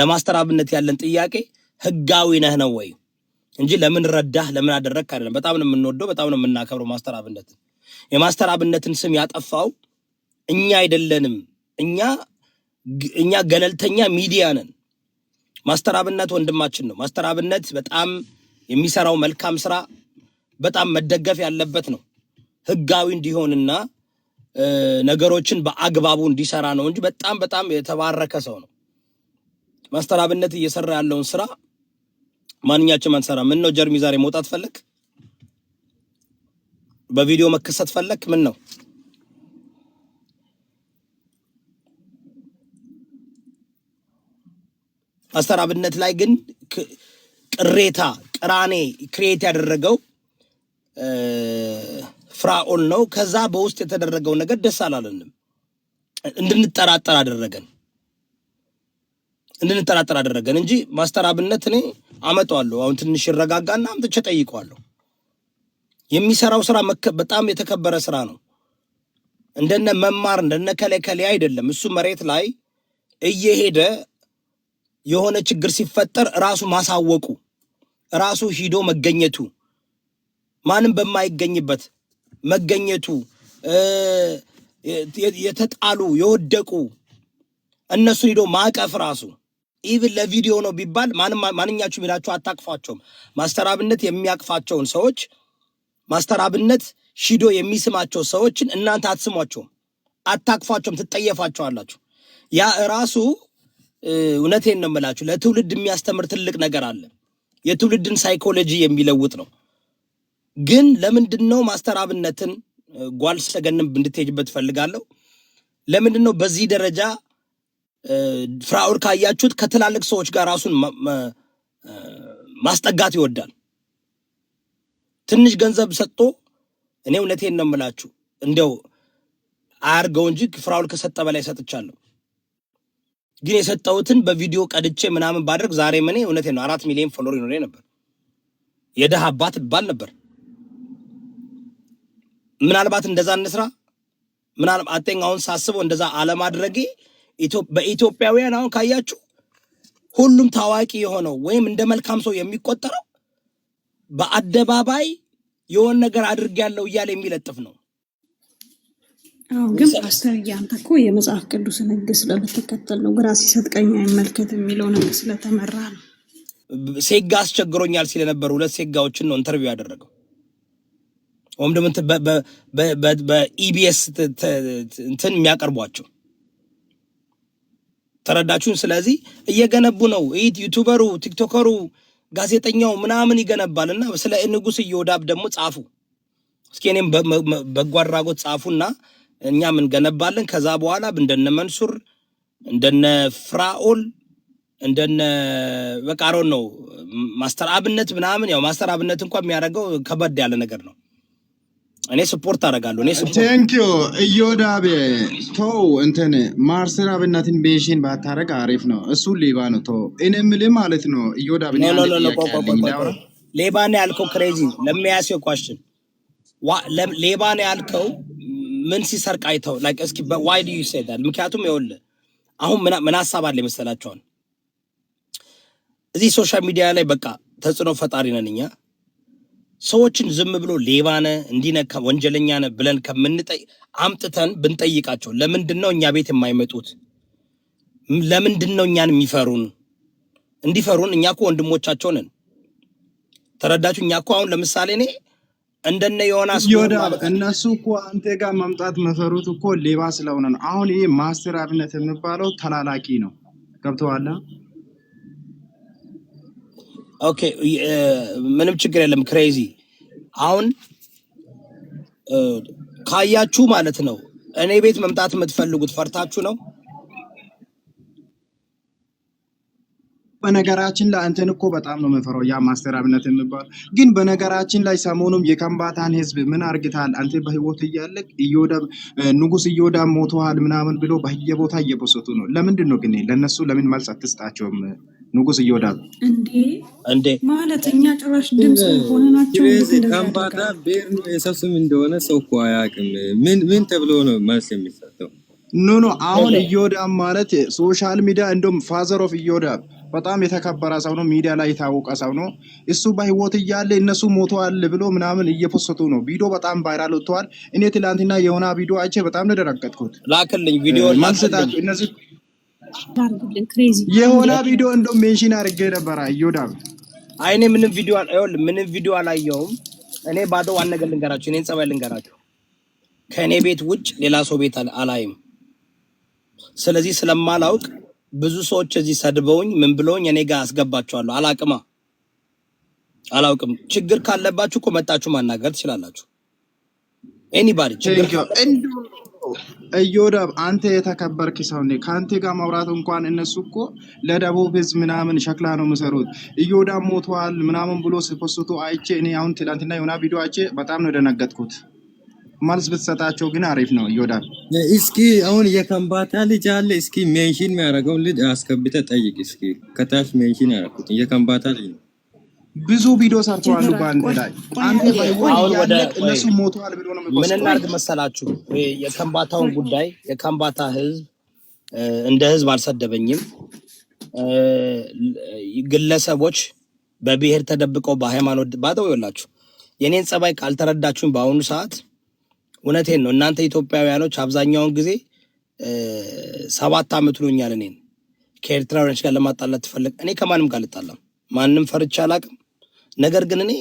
ለማስተራብነት ያለን ጥያቄ ህጋዊ ነህ ነው ወይ እንጂ ለምን ረዳህ ለምን አደረግክ አይደለም። በጣም ነው የምንወደው፣ በጣም ነው የምናከብረው ማስተር የማስተራብነትን ስም ያጠፋው እኛ አይደለንም። እኛ እኛ ገለልተኛ ሚዲያ ነን። ማስተራብነት ወንድማችን ነው። ማስተራብነት በጣም የሚሰራው መልካም ስራ በጣም መደገፍ ያለበት ነው። ህጋዊ እንዲሆንና ነገሮችን በአግባቡ እንዲሰራ ነው እንጂ በጣም በጣም የተባረከ ሰው ነው። ማስተር አብነት እየሰራ ያለውን ስራ ማንኛችን አንሰራ። ምን ነው ጀርሚ ዛሬ መውጣት ፈለግ? በቪዲዮ መከሰት ፈለግ? ምን ነው ማስተር አብነት ላይ ግን ቅሬታ ቅራኔ ክሬት ያደረገው ፍራኦል ነው። ከዛ በውስጥ የተደረገው ነገር ደስ አላለንም፣ እንድንጠራጠር አደረገን። እንድንጠራጠር አደረገን እንጂ ማስተር አብነት እኔ አመጣዋለሁ። አሁን ትንሽ ይረጋጋና አምጥቼ ጠይቀዋለሁ። የሚሰራው ስራ በጣም የተከበረ ስራ ነው። እንደነ መማር እንደነ ከለከሌ አይደለም። እሱ መሬት ላይ እየሄደ የሆነ ችግር ሲፈጠር ራሱ ማሳወቁ ራሱ ሂዶ መገኘቱ ማንም በማይገኝበት መገኘቱ የተጣሉ የወደቁ እነሱን ሂዶ ማቀፍ ራሱ ኢቭን ለቪዲዮ ነው ቢባል ማንኛችሁ ሄዳችሁ አታቅፏቸውም። ማስተራብነት የሚያቅፋቸውን ሰዎች ማስተራብነት አብነት ሺዶ የሚስማቸው ሰዎችን እናንተ አትስሟቸውም፣ አታቅፏቸውም፣ ትጠየፋቸዋላችሁ። ያ ራሱ እውነቴን ነው የምላችሁ ለትውልድ የሚያስተምር ትልቅ ነገር አለ። የትውልድን ሳይኮሎጂ የሚለውጥ ነው። ግን ለምንድን ነው ማስተራብነትን ጓል ሰገንም እንድትሄጅበት እፈልጋለሁ። ለምንድን ነው በዚህ ደረጃ ፍራኦል ካያችሁት ከትላልቅ ሰዎች ጋር ራሱን ማስጠጋት ይወዳል። ትንሽ ገንዘብ ሰጥቶ እኔ እውነቴን ነው የምላችሁ፣ እንዲያው አያርገው እንጂ ፍራኦል ከሰጠ በላይ ሰጥቻለሁ። ግን የሰጠሁትን በቪዲዮ ቀድቼ ምናምን ባደርግ ዛሬ ምን እውነቴ ነው አራት ሚሊዮን ፎሎር ይኖሬ ነበር። የደሃ አባት ባል ነበር። ምናልባት እንደዛ እንስራ ምናልባት አሁን ሳስበው እንደዛ አለማድረጌ በኢትዮጵያውያን አሁን ካያችሁ ሁሉም ታዋቂ የሆነው ወይም እንደ መልካም ሰው የሚቆጠረው በአደባባይ የሆን ነገር ያለው እያለ የሚለጥፍ ነው። ግን ፓስተር እያንተ እኮ የመጽሐፍ ቅዱስን ሕግ ስለምትከተል ነው። ግራ ሲሰጥ ቀኝ አይመልከት የሚለው ነገር ስለተመራ ነው። ሴጋ አስቸግሮኛል ስለነበሩ ሁለት ሴጋዎችን ነው ኢንተርቪው ያደረገው። ወይም ደግሞ በኢቢኤስ እንትን የሚያቀርቧቸው ተረዳችሁን? ስለዚህ እየገነቡ ነው። ይት ዩቱበሩ፣ ቲክቶከሩ፣ ጋዜጠኛው ምናምን ይገነባል እና ስለ ንጉስ ኢዮዳብ ደግሞ ጻፉ እስኪ እኔም በጎ አድራጎት ጻፉና እኛም እንገነባለን። ከዛ በኋላ እንደነ መንሱር እንደነ ፍራኦል እንደነ በቃሮን ነው ማስተር አብነት ምናምን። ያው ማስተር አብነት እንኳ የሚያደርገው ከበድ ያለ ነገር ነው። እኔ ስፖርት አደርጋለሁ። እኔ ስፖርት ቴንኪዩ እዮዳብ ተው እንትን ማርሰን አብናትን ቤሽን ባታረግ አሪፍ ነው። እሱ ሌባ ነው። ተው እኔ የምልህ ማለት ነው እዮዳብ ሌባ ነው ያልከው ክሬዚ ለሚያስው ኳሽን ሌባ ነው ያልከው ምን ሲሰርቅ አይተው ላይክ እስኪ ዋይ ዱ ዩ ሴ ዳት? ምክንያቱም ይኸውልህ አሁን ምን ሀሳብ አለ የመሰላቸዋል እዚህ ሶሻል ሚዲያ ላይ በቃ ተጽዕኖ ፈጣሪ ነን እኛ ሰዎችን ዝም ብሎ ሌባነ ወንጀለኛ ወንጀለኛነ ብለን ከምንጠይ አምጥተን ብንጠይቃቸው ለምንድን ነው እኛ ቤት የማይመጡት? ለምንድን ነው እኛን የሚፈሩን? እንዲፈሩን እኛ እኮ ወንድሞቻቸው ነን። ተረዳችሁ? እኛ እኮ አሁን ለምሳሌ እኔ እንደነ ዮናስ እነሱ እኮ አንተ ጋር መምጣት መፈሩት እኮ ሌባ ስለሆነ ነው። አሁን ይሄ ማስተር አብነት የሚባለው ተላላኪ ነው። ገብተዋለ ኦኬ፣ ምንም ችግር የለም። ክሬዚ አሁን ካያችሁ ማለት ነው እኔ ቤት መምጣት የምትፈልጉት ፈርታችሁ ነው። በነገራችን ላይ አንተን እኮ በጣም ነው የምፈራው። ያ ማስተር አብነት የሚባል ግን በነገራችን ላይ ሰሞኑም የከምባታን ህዝብ ምን አርግታል? አንተ በህይወት እያለ ንጉስ እዮዳ ሞተዋል ምናምን ብሎ በየቦታ እየበሰቱ ነው። ለምንድን ነው ግን ለእነሱ ለምን መልስ አትስጣቸውም? ንጉስ እየወዳሉ እንዴ ማለት እኛ ጭራሽ ድምፅ ሆነ ናቸው። ከምባታ ቤር ነው የሰው ስም እንደሆነ ሰው እኮ አያውቅም። ምን ተብሎ ነው መልስ የሚሰጠው? ኖ ኖ አሁን እየወዳም ማለት ሶሻል ሚዲያ እንደም ፋዘር ኦፍ እየወዳም በጣም የተከበረ ሰው ነው። ሚዲያ ላይ የታወቀ ሰው ነው። እሱ በህይወት እያለ እነሱ ሞተዋል ብሎ ምናምን እየፖሰቱ ነው። ቪዲዮ በጣም ቫይራል ወጥተዋል። እኔ ትላንትና የሆነ ቪዲዮ አይቼ በጣም ነው ደረገጥኩት። ላክልኝ ቪዲዮ እነዚህ የሆነ ቪዲዮ እንደውም ሜንሽን አድርጌ ነበረ። እዮዳ አይኔ ምንም ቪዲዮ ምንም ቪዲዮ አላየውም። እኔ ባዶ ዋን ነገር ልንገራችሁ፣ እኔን ጸባይ ልንገራችሁ። ከእኔ ቤት ውጭ ሌላ ሰው ቤት አላይም። ስለዚህ ስለማላውቅ ብዙ ሰዎች እዚህ ሰድበውኝ ምን ብለውኝ እኔ ጋር አስገባችኋለሁ። አላቅማ አላውቅም። ችግር ካለባችሁ እኮ መጣችሁ ማናገር ትችላላችሁ። ኤኒባዲ ችግር እዮዳብ አንተ የተከበርክ ሰው ነህ። ከአንተ ጋር ማውራት እንኳን እነሱ እኮ ለደቡብ ህዝብ ምናምን ሸክላ ነው የሚሰሩት። እዮዳብ ሞተዋል ምናምን ብሎ ስፖስቶ አይቼ እኔ አሁን ትላንትና የሆነ ቪዲዮ አይቼ በጣም ነው የደነገጥኩት። መልስ ብትሰጣቸው ግን አሪፍ ነው። እዮዳብ እስኪ አሁን የከምባታ ልጅ አለ። እስኪ ሜንሽን የሚያደርገውን ልጅ አስከብተ ጠይቅ። እስኪ ከታች ሜንሽን ያደረኩት የከምባታ ልጅ ነው ብዙ ቪዲዮ ሰርተዋሉ በአንድ ላይ አንተ ባይሆን ያለቅ እነሱ ሞተዋል ብሎ ነው። ምን እናድርግ መሰላችሁ? የከምባታውን ጉዳይ የከምባታ ህዝብ እንደ ህዝብ አልሰደበኝም። ግለሰቦች በብሔር ተደብቀው በሃይማኖት ባተው ይወላችሁ። የኔን ጸባይ ካልተረዳችሁኝ በአሁኑ ሰዓት እውነቴን ነው። እናንተ ኢትዮጵያውያኖች አብዛኛውን ጊዜ ሰባት ዓመት ሆኖኛል እኔን ከኤርትራውያኖች ጋር ለማጣላት ትፈልግ። እኔ ከማንም ጋር ልጣላም፣ ማንም ፈርቻ አላቅም። ነገር ግን እኔ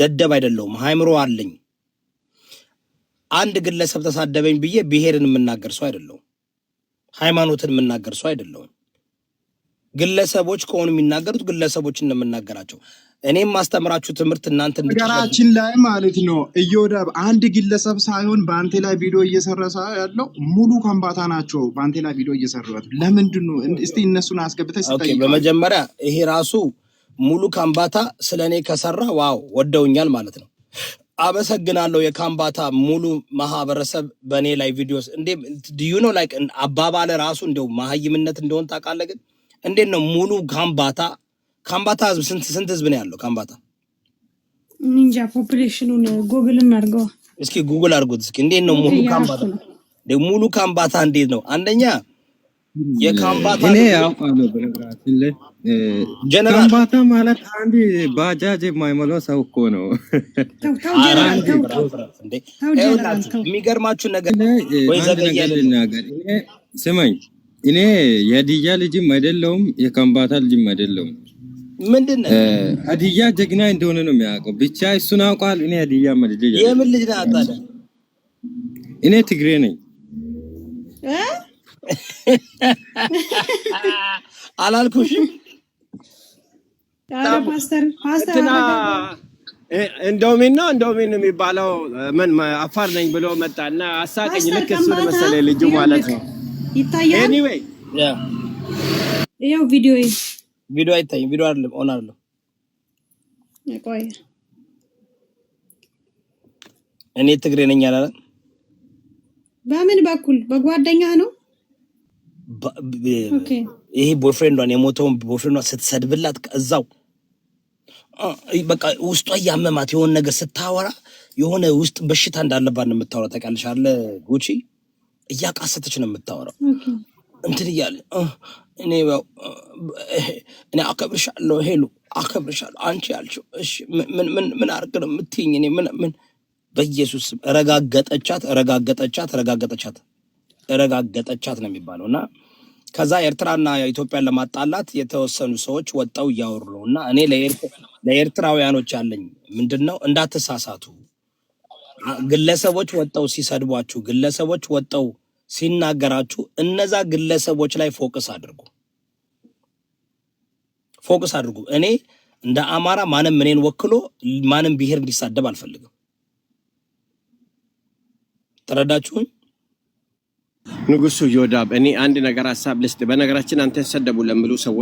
ደደብ አይደለሁም፣ ሀይምሮ አለኝ። አንድ ግለሰብ ተሳደበኝ ብዬ ብሔርን የምናገር ሰው አይደለሁም፣ ሃይማኖትን የምናገር ሰው አይደለሁም። ግለሰቦች ከሆኑ የሚናገሩት ግለሰቦች እንደምናገራቸው እኔም ማስተምራችሁ ትምህርት እናንተ ነገራችን ላይ ማለት ነው። እዮዳብ አንድ ግለሰብ ሳይሆን በአንቴ ላይ ቪዲዮ እየሰረሰ ያለው ሙሉ ከምባታ ናቸው። በአንቴ ላይ ቪዲዮ እየሰሩት ለምንድን ነው? እስቲ እነሱን አስገብተህ በመጀመሪያ ይሄ ራሱ ሙሉ ካምባታ ስለ እኔ ከሰራ ዋው ወደውኛል ማለት ነው። አመሰግናለሁ የካምባታ ሙሉ ማህበረሰብ በእኔ ላይ ቪዲዮስ እንዴ ዲዩ ነው ላይክ አባባለ ራሱ እንደው መሀይምነት እንደሆን ታውቃለህ። ግን እንዴት ነው ሙሉ ካምባታ ካምባታ ህዝብ ስንት ህዝብ ነው ያለው? ካምባታ እንጃ ፖፕሌሽኑን ጉግል እናድርገዋ እስኪ፣ ጉግል አድርጉት እስኪ። እንዴት ነው ሙሉ ካምባታ ሙሉ ካምባታ እንዴት ነው አንደኛ የካምባታ ማለት አንድ ባጃጅ የማይሞላ ሰው እኮ ነው። የሚገርማችሁ ነገር ስማኝ፣ እኔ የሀዲያ ልጅም አይደለውም የካምባታ ልጅም አይደለውም። ምንድን ነው ሀዲያ ጀግና እንደሆነ ነው የሚያውቀው። ብቻ እሱን አውቃል። እኔ ሀዲያ የምን ልጅ ነ እኔ ትግሬ ነኝ። አላልኩሽም? እንደውሜና እንደውሜን የሚባለው ምን አፋር ነኝ ብሎ መጣና አሳቀኝ። ልክ ልጁ ማለት ነው። ቪዲዮ ቪዲዮ ቪዲዮ አይደለም ኦን እኔ ትግሬ ነኝ አላለም። በምን በኩል በጓደኛ ነው ይሄ ቦይፍሬንዷን የሞተውን ቦይፍሬንዷን ስትሰድብላት እዛው በቃ ውስጧ እያመማት የሆነ ነገር ስታወራ የሆነ ውስጥ በሽታ እንዳለባት ነው የምታወራ። ታውቂያለሽ አለ ጉቺ እያቃሰተች ነው የምታወራው። እንትን እያለ እኔ አከብርሻለሁ ሄሉ አከብርሻለሁ፣ አንቺ ያልሽው ምን አርግ ነው የምትይኝ? እኔ ምን በኢየሱስ ረጋገጠቻት፣ ረጋገጠቻት፣ ረጋገጠቻት፣ ረጋገጠቻት ነው የሚባለው እና ከዛ ኤርትራና ኢትዮጵያን ለማጣላት የተወሰኑ ሰዎች ወጣው እያወሩ ነው። እና እኔ ለኤርትራውያኖች ያለኝ ምንድን ነው እንዳትሳሳቱ። ግለሰቦች ወጠው ሲሰድቧችሁ፣ ግለሰቦች ወጠው ሲናገራችሁ፣ እነዛ ግለሰቦች ላይ ፎቅስ አድርጉ፣ ፎቅስ አድርጉ። እኔ እንደ አማራ ማንም እኔን ወክሎ ማንም ብሔር እንዲሳደብ አልፈልግም። ተረዳችሁኝ? ንጉሱ ዮዳብ እኔ አንድ ነገር ሀሳብ ልስጥ። በነገራችን አንተን ሰደቡ ለምሉ ሰዎች